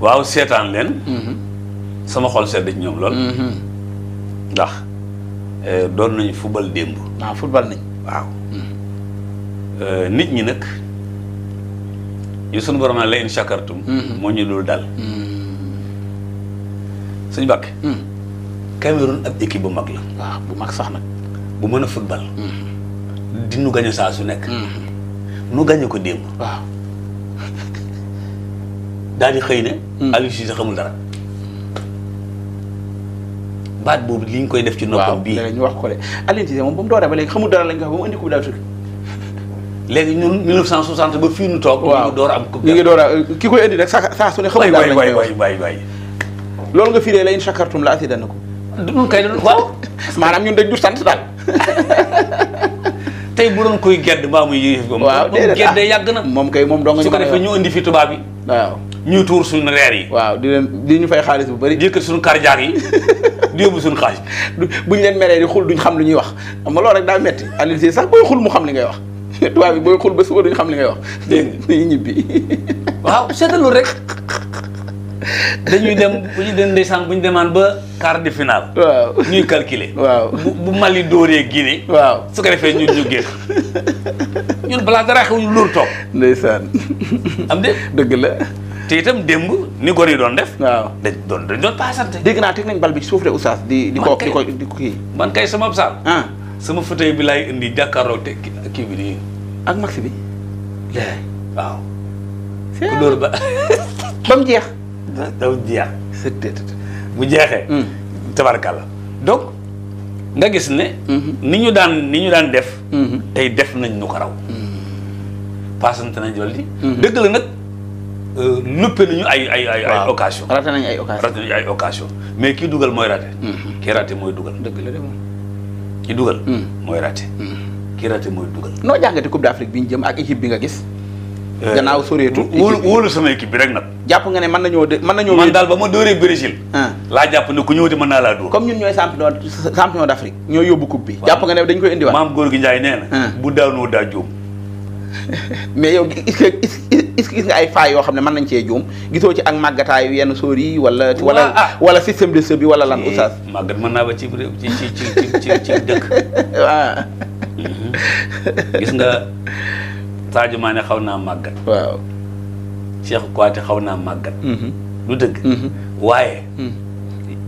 waaw seetaan leen. Mm-hmm. sama xol sedd ci ñoom lool. Mm-hmm. ndax eh, doon nañu football démb. Ah, waaw football mm-hmm. eh, nit ñi nag yu sunu borom la in shakartum moo ñu dul dal. suñu bàkk. Mm. Cameroun ab équipe bu mag la. waaw ah, bu mag sax nag. bu mën a football. di nu gaño saa su nekk. nu gaño ko démb. waaw. daañu xëy ne. Hmm. Aliou Cissé xamul dara. baat boobu li ñu koy def ci noppam bii waaw ñu wax ko de Aliou Cissé moom ba mu dooree ba léegi xamul dara lañ ko wax ba mu andi coupe d'Afrique. léegi ñun 1960 ba fii nu toog. waaw ñu ngi door a am coupe ñu ngi door a ki koy indi rek saa saa su ne xamul dara lañ koy wax waay waay loolu nga firee la in shakartum la asidanakum. du kay doon waaw. maanaam ñun dañ du sant daal. tey bu doon koy gedd mbaa muy yëf. waaw déedéet moom gedd ah, yàgg na. moom kay moom dong ñu su ko defee ñu indi fi tubaab yi waaw. ñuy tuur suñu reer yi. waaw di leen di ñu fay xaalis bu bëri. di yëkkat suñu jaar yi di yóbbu suñu xaaj. buñ leen meree di xul duñ xam lu ñuy wax xam nga loolu rek daa metti Alioune Sèye sax xam li ngay wax tubaab bi ba suba duñ xam li ngay wax. dégg nga dañuy ñibbi. waaw dem bu ñu dem ndeysaan bu ñu demaan ba quart de finale. waaw ñuy calculer. waaw bu mal Mali dóoree Guinée. waaw su ko defee ñun ñu génn ñun balaa dara xew ñu lóor toog. ndeysaan. am de dëgg la. te itam démb ni gor yi doon def. waaw dañ doon dañ doon dégg naa teg nañ bal bi ci suuf de oustaz. di di ko di ko ko kii. man kay sama saal. Ah. sama fauteuil bi laay indi jàkkaaroo te kii bi nii. ak max bi. waaw. ba. ba mu jeex. da mu jeex. bu jeexee. Hmm. tabarkalla donc nga gis ne. Hmm. ni ñu daan ni ñu daan def. Hmm. tey def nañ nu ko raw. paasante nañ jolli. dëgg la nag. Euh, nëppe nañu ay ay ay. ay occasion raté nañu ay occasion mais kii dugal mooy raté. Mhm. kii raté mooy dugal. dëgg la de moom. Mhm. mooy raté. Mhm. kii raté mooy dugal. noo jàngate coupe d'Afrique bi ñu bi nga gis. Euh, gannaaw soreetu. wóolu wóolu sama équipe bi rek nag. jàpp nga ne mën nañoo de mën nañoo. man daal ba ma dóoree Brésil. Ah. laa jàpp ne ku ñëwati mën naa laa dóor. comme ñun ñooy champion champion d'Afrique. ñoo yóbbu coupe bi. jàpp nga ne dañ koy indiwaat. maam góor gi Njaay nee na. Ah. bu daanoo daa jóom mais yow est-ce que est-ce que gis nga ay failles yoo xam ne mën nañ cee juum gisoo ci ak màggataayu yenn sóor yi wala. wala ah. wala système de sëb bi wala lan oustaz. màggat mën naa ba ci ci ci ci ci dëkk. waaw. Mhm. gis nga Sadio ne xaw naa màggat. waaw. Cheikh Kouyaté xaw naa màggat. Mhm. du dëgg. Mhm. waaye.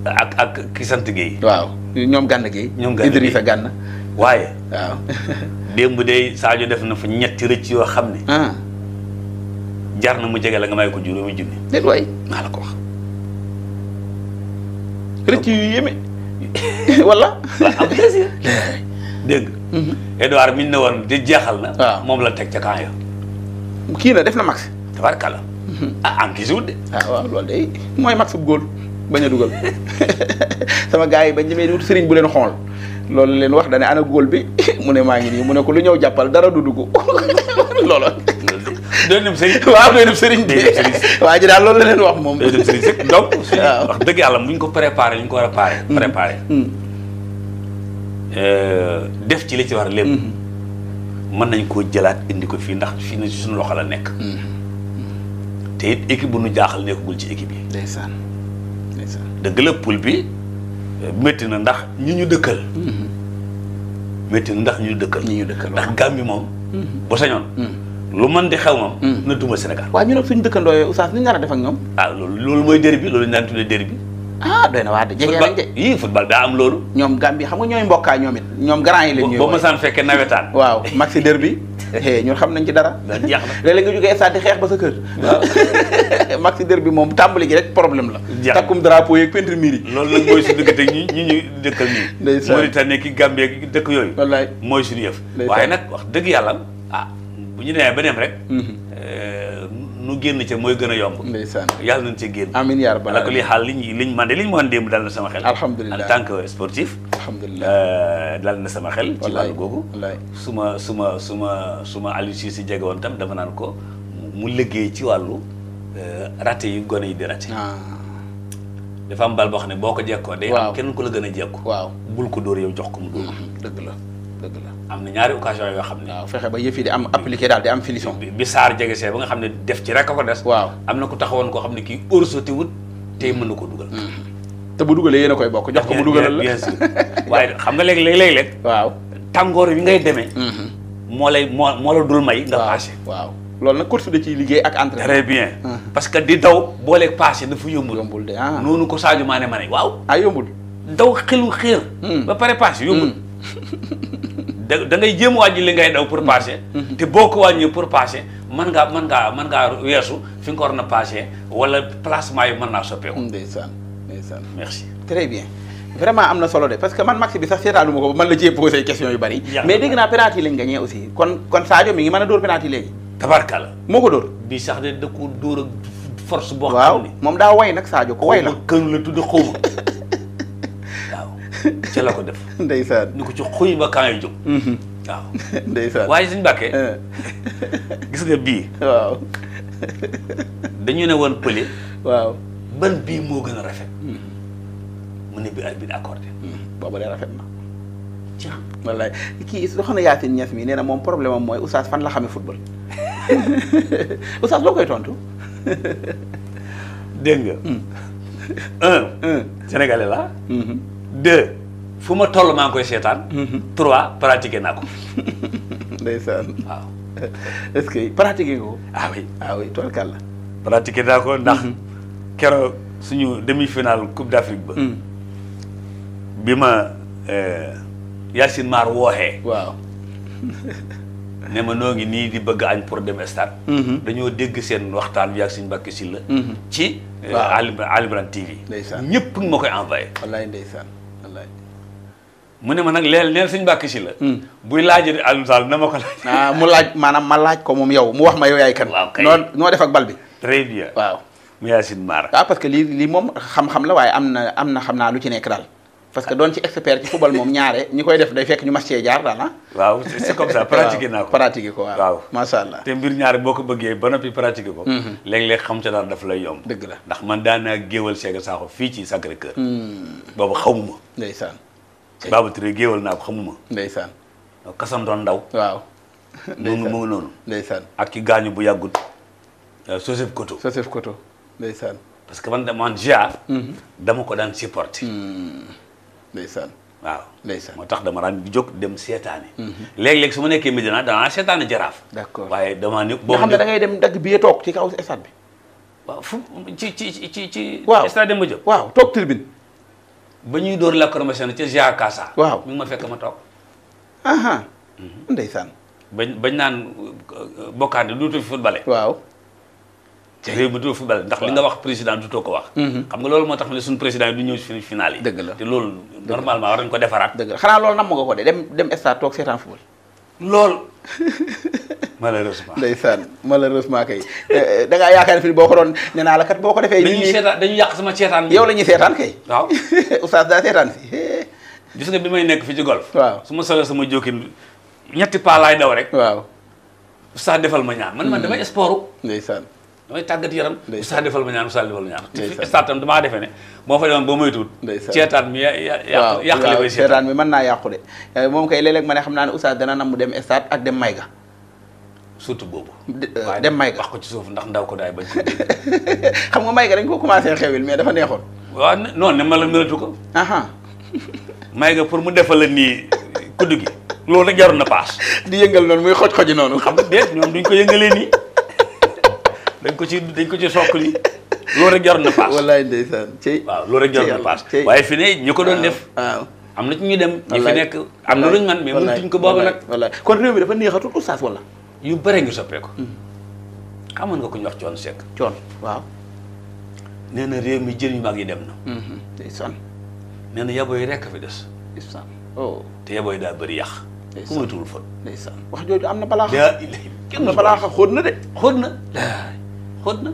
ak ak ki sant Guèye. waaw ñoom gànn Guèye. ñoom gànn Guèye Idrissa gànn. waaye. waaw démb de Sadio def na fa ñetti rëcc yoo xam ne. Ah. jar na mu jege la nga may ko juróomi junni. déet waay maa la ko wax. rëcc yu yéeme wala. am dégg nga. Edouard mhm. mi ne woon jeexal na. moom la teg ca camp kii na def na max. tabarkala. Mhm. ah am kii de. ah waaw mooy max bu góol bañ a dugal sama gars yi ba demee wut sëriñ bu leen xool. loolu leen wax ne ana góol bi mu ne maa ngi nii mu ne ko lu ñëw jàppal dara du dugg loolu doy dem sëriñ waaw doy dem sëriñ bi waa ji daal loolu la leen wax moom doy dem sëriñ sëg wax dëgg yàlla bu ñu ko préparé li ñu ko war a paré mm-hmm. Mm-hmm. Euh, def ci li ci war lépp mm-hmm. mën nañ koo jëlaat indi ko fii ndax fii na suñu loxo la nekk te it équipe bu nu jaaxal nekkagul ci équipe yi ndeysaan ndeysaan poule bi métti na ndax ñi ñu dëkkal. Mm-hmm. métti na ndax ñu dëkkal. ñi ñu dëkkal ndax Gambie moom. Mm-hmm. bu sañoon. Mm-hmm. lu mën di xew moom. na tuuma Sénégal. waaw ñu ne suñu dëkkandoo yooyu oustaz ni ñu nar a def ak ñoom. ah loolu loolu mooy dér bi loolu ñu daan tuddee bi ah doy na waa de jege nañ de yii football daa am loolu ñoom Gambie xam nga ñooy mbokkaa ñoom ñoom grand yi leen ñooy boo mësaan fekkee nawetaan waaw maxi derby ñun xam nañ ci dara léeg-léeg nga jógee stade xeex ba sa kër waaw maxi moom tàmbali gi rek problème la takkum drapeau yeeg peintre miir yi loolu nag mooy su dëgg te ñi ñi ñu dëkkal nii Mauritanie ki Gambie ki dëkk yooyu wallaay mooy suñu yëf waaye nag wax dëgg yàlla ah bu ñu demee ba dem rek mhm. eh, nu génn ca mooy gën a yomb. ndeysaan yàlla nañu cee génn. amiin yaa rabbal alamiin li xaal liñ liñ man de liñ mën démb dal na sama xel. alhamdulilah en tant que sportif. alhamdulilah euh, dal na sama xel. ci wàllu googu. su ma su ma su ma suma ma Aliou si jege woon tam dama naan ko mu liggéey ci wàllu euh, raté yi gone yi di raté. Ah. dafa am bal boo xam ne boo ko jekkoo day am kenn ko la gën a jekku. waaw bul ko dóor yow jox ko mu dóor. Mm-hmm. dëgg la. dëgg la am na ñaari occasion yoo xam ne. waaw fexe ba yëf yi am appliqué daal di am finition. bi saar jege see ba nga xam ne def ci rek a ko des. waaw am na ku taxawoon koo xam ne kii heure sotti wut tey mën na ko dugal. Mm-hmm. te bu dugalee yéen a koy bokk jox ko mu dugalal la waaye xam nga léeg-léeg léeg-léeg. waaw tàngoor wi ngay demee. Mm-hmm. moo lay moo moo la dul may. nga passé waaw loolu nag course da ci liggéey ak entraînement. très bien mm-hmm. parce que di daw booleeg passé dafa yombul. yombul de ah ko Sadio Mané ma waaw. ah yombul daw xelu xeer. Mm. ba pare passé yombul. Mm. da da ngay jéem wàññi li ngay daw pour passer. Mm-hmm. te boo ko wàññi pour passer mën ngaa mën ngaa mën ngaa weesu fi nga ko waroon a passer wala placement yi mën naa soppeeku. ndeysaan ndeysaan merci. très bien vraiment am na solo de parce que man max bi sax seetaanu ma ko man la cee posé question yu bari. mais dégg naa penalty yi lañ gagné aussi kon kon Sadio mi ngi mën a dóor penalty yi léegi. tabarkala moo ko dóor. bii sax de da ko dóor force boo xam moom daa way nag Sadio ko way la. xaw kën la tudd xaw ca la ko def. ndeysaan ñu ko ci xuy ba kaa yi jóg. Mhm. waaw ndeysaan waaye suñu bàkkee. Eh. gis nga bii. waaw. dañu ne woon pële. waaw ban bii moo gën a rafet. Mhm. mu ne bi arbitre accordé. Mhm. boobu de rafet na. ca wallaay kii soxna Yacine Niass mi nee na moom problème am mooy oustaz fan la xamee football oustaz loo koy tontu. dégg nga. Hmm. la. fu ma toll maa ngi koy seetaan. Mhm. trois pratiqué naa ko. ce que pratiqué ko. ah oui ah ndax. Mhm. keroog suñu demi-finale coupe d'Afrique ba. Mhm. bi ma eh, Yacine Mar wooxee. waaw. ma noo ngi nii di bëgg añ pour dem stade. dañoo dégg seen waxtaan bi ak suñu mbàkk si la. ci. Eh, waaw Alimran TV. ndeysaan ñëpp ma koy envoyé. wallaay ndeysaan. mu ne ma nag leel neel sëñ Mbàkke si la. Hmm. buy laajee Alioune Sall na ma ko laaj. Ah, mu laaj maanaam ma laaj ko moom yow mu wax ma yow yaay kan. waaw kay def ak bal bi. très bien waaw. mu Yacine Mara. waaw ah, parce que lii lii moom xam-xam la waaye am na am na xam naa lu ci nekk daal. parce que doon ci expert ci football moom ñaare ñi koy def day fekk ñu ma cee jaar daal ah. waaw c'est comme ça pratiquer naa ko. pratiquer ko waaw macha allah. te mbir ñaare boo ko bëggee ba noppi pratiquer ko. Hmm. léeg-léeg xam ca daal daf lay yomb. dëgg la ndax man daan naa géwal Cheikh Sakho fii ci Sacré Cœur. Hmm. boobu xawma ndeysaan Baba Touré géewal naa ko xamuma. ndeysaan. kasam ndaw. waaw. ndeysaan mu ngi noonu. ndeysaan ak ki gaañu bu yàggut. Euh, Joseph Koto. Joseph Koto ndeysaan. parce que man de man Gia. Mm-hmm. dama ko daan supporter. Mm. ndeysaan. waaw ndeysaan moo tax dama daan jog dem seetaane. Mm-hmm. léeg-léeg su ma nekkee Médina danaa seetaane jaraaf. d'accord waaye dama ne. boo xam ne da ngay dem dagg bi toog ci kaw stade bi. waaw ci ci ci ci. waaw stade toog tribune. ba ñuy dóor la promotion ca Giacassa. waaw mi ngi ma fekk ma toog. Mhm. ndeysaan. bañ bañ naan euh, bokkaande duutu fi footballé. waaw. te réew mi duutu footballé ndax li nga wax président duutoo ko wax. Mhm. xam nga loolu moo tax ne suñu président yi du ñëw si final yi. dëgg la te loolu normalement war nañu ko defaraat. dëgg la xanaa loolu nam ma nga ko de dem dem stade toog seetaan football. lool. malheureusement ndeysaan malheureusement kay eh, eh, da ngaa yaakaar fi boo ko doon nee naa la kat boo ko defee. dañuy seetaan dañuy yàq sama seetaan. yow la ñuy seetaan kay. waaw oustaz daa seetaan si. gis nga may nekk fi ci golf. waaw su ma solee sama jokkin ñetti paa laay daw rek. waaw oustaz defal ma ñaan man man hmm. damay sport. ndeysaan damay tàggat yaram. ndeysaan oustaz defal ma ñaan oustaz defal ma ñaan. ndeysaan damaa defee ne boo fa demoon ba moytuwul. ndeysaan seetaan yàq li koy seetaan mi naa yàqu de eh, moom kay léeg ma ne xam naa ne oustaz dana nam mu dem stade ak dem Mayga surtout boobu. Euh, dem may wax ko ci suuf ndax ndaw ko daay ba xam nga may ga dañ commencé xewil mais dafa neexoon. waaw non ne ma la melatu ko. may ga pour mu defal la nii kuddu gi. loolu nag jarul na paas. di yëngal noonu muy xoj-xoji noonu. xam nga déet ñoom duñ ko yëngalee nii dañ ko ci dañ ko ci sokkali loolu rek jarul na paas. wallaay ndeysaan cey. waaw loolu rek jarul na waaye fi ne ñi ko doon def. am na ci ñu dem. ñi fi nekk am na luñ man mais mëntuñ ko boobu nag. kon réew mi dafa neexatul oustaz wala. yu bëre ngi soppeeku. xamoon mm. nga ku ñu wax coon Seck. coon waaw. nee réew mi jën yu mag yi dem na. Mm-hmm. ndeysaan. nee na yaboo yi rekk fi des. ndeysaan oh. te yaboo yi daa bëri yàq. ndeysaan ku muy wax jooju am na balaaxa. daa illee kenn na xóot na de. xóot na xóot na.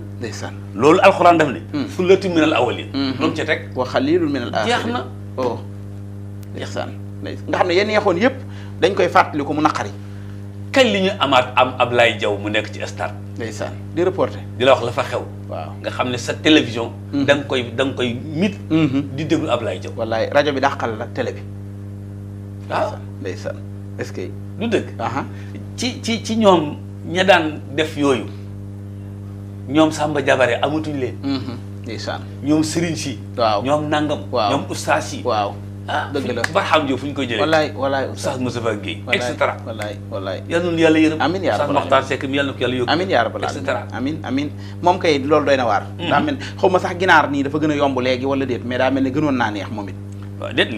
loolu alxuraan daf ne. sullatu mm. minal awwaliin. loolu mm-hmm. ca teg. wa xaliilun minal aaxiriin jeex na. oh ndeysaan. nga xam ne yenn yeexoon yëpp dañ koy fàttali ko mu naqari. kañ li ñu amaat am Ablaye jaw mu nekk ci stade. ndeysaan di reporter. di la wax la fa xew. nga xam ne sa télévision. Mm-hmm. danga koy danga koy mit. Mm-hmm. di déglu Ablaye Diaw. wallaay rajo bi dàqal la télé bi. waaw ah. ndeysaan est-ce que. du dëgg. Uh-huh. ci ci ci ñoom ña daan def yooyu ñoom Samba Jabare amatuñ leen. Mm-hmm. ñoom Serigne si. waaw ñoom Nangam. waaw ñoom Oustaz waaw. ah dëgg la barxam jo fu ñu koy jëlee walaay walaay Oustaz Moustapha Guèye et cetera walaay walaay yal na nu yàlla yërëm amiin loolu doy na waar hmm. xaw ma sax ginaar nii dafa gën a yomb léegi wala déet mais daa ne gënoon naa neex moom it waaw déet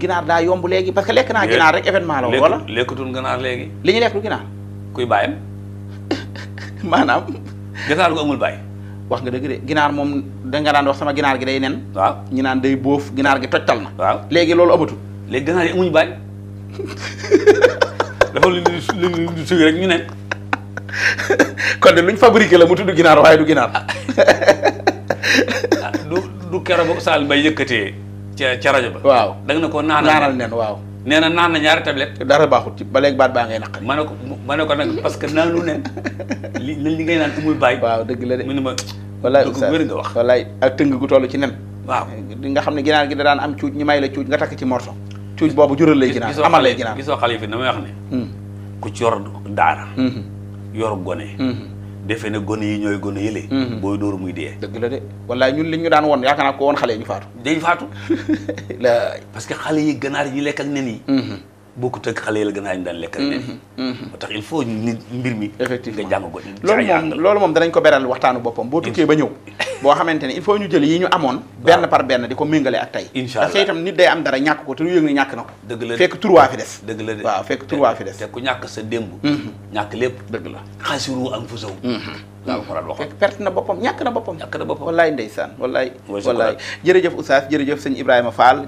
ginaar daa yomb léegi parce que lekk naa ginaar rek événement la wala lekkatul ginaar léegi li ñu lekk lu ginaar kuy bàyyam maanaam ginaar gu amul bàyyi wax nga dëgg de ginaar moom danga daan wax sama ginaar gi day nen. waaw ñu naan day boof ginaar gi tojtal na. waaw léegi loolu amatul. léegi ginaar yi amuñu baañ dafa lu ñu lu suy rek ñu nen. kon de luñ fabriqué la mu tudd ginaar waaye du ginaar. Ah. Ah, du du keroog Sall Mbaye yëkkatee ca ca rajo ba. waaw danga ne ko naanal nen waaw. nee na naan na ñaari tablette. dara baaxut ci ba léegi baat baa ngay naqari. ma ne ko ma ne nag parce que naanu ne li li ngay naan amul bàyyi. waaw dëgg la de mu ne ma. wallaay Oustaz wax wallaay ak tëng gu toll ci nen. waaw nga xam ne ginaar gi da daan am cuuj ñu may la cuuj nga takk ci morso. cuuj boobu jural lay ginaar amal lay ginaar gisoo xale fi damay wax ne. Hmm. ku ci yor daara. Hmm. yor gone. Hmm. defe ne gone yi ñooy gone yële. Mhm. booy dóor muy dee. dëgg la de wallaay ñun li ñu daan woon yaakaar naa ko woon xale yi ñu faatu. dañ faatu. parce que xale yi ganaar yi ñu lekk ak nen yi. Mhm. bokkut ak xale yi la gën a daan lekk ak nen. tax il faut nit mbir mi. effectivement nga jàng ko loolu moom loolu moom danañ ko beral waxtaanu boppam boo tukkee ba ñëw. boo xamante ne il faut ñu jël yi ñu amoon. benn par benn di ko méngale ak tey. incha allah itam nit day am dara ñàkk ko te ñàkk na ko. dëgg la fekk turuwaa fi des. dëgg mm-hmm. ñàkk lépp dëgg la xaasiru am fu saw. laa ko faral waxoon fekk perte na ñàkk na boppam. ñàkk na boppam wallaay ndeysaan wallaay. wallaay jërëjëf Oustaz jërëjëf sëñ Ibrahima faal